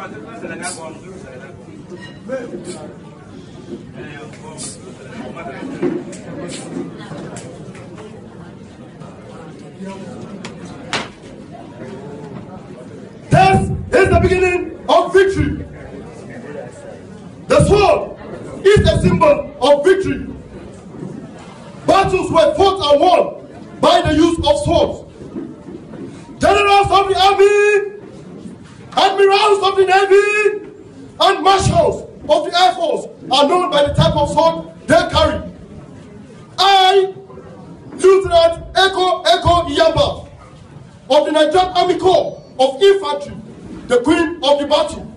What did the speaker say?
This is the beginning of victory. The sword is a symbol of victory. Battles were fought and won by the use of swords. Generals of the army Admirals of the Navy and Marshals of the Air Force are known by the type of sword they carry. I, Lieutenant Echo Echo Iyamba of the Nigerian Army Corps of Infantry, the Queen of the Battle,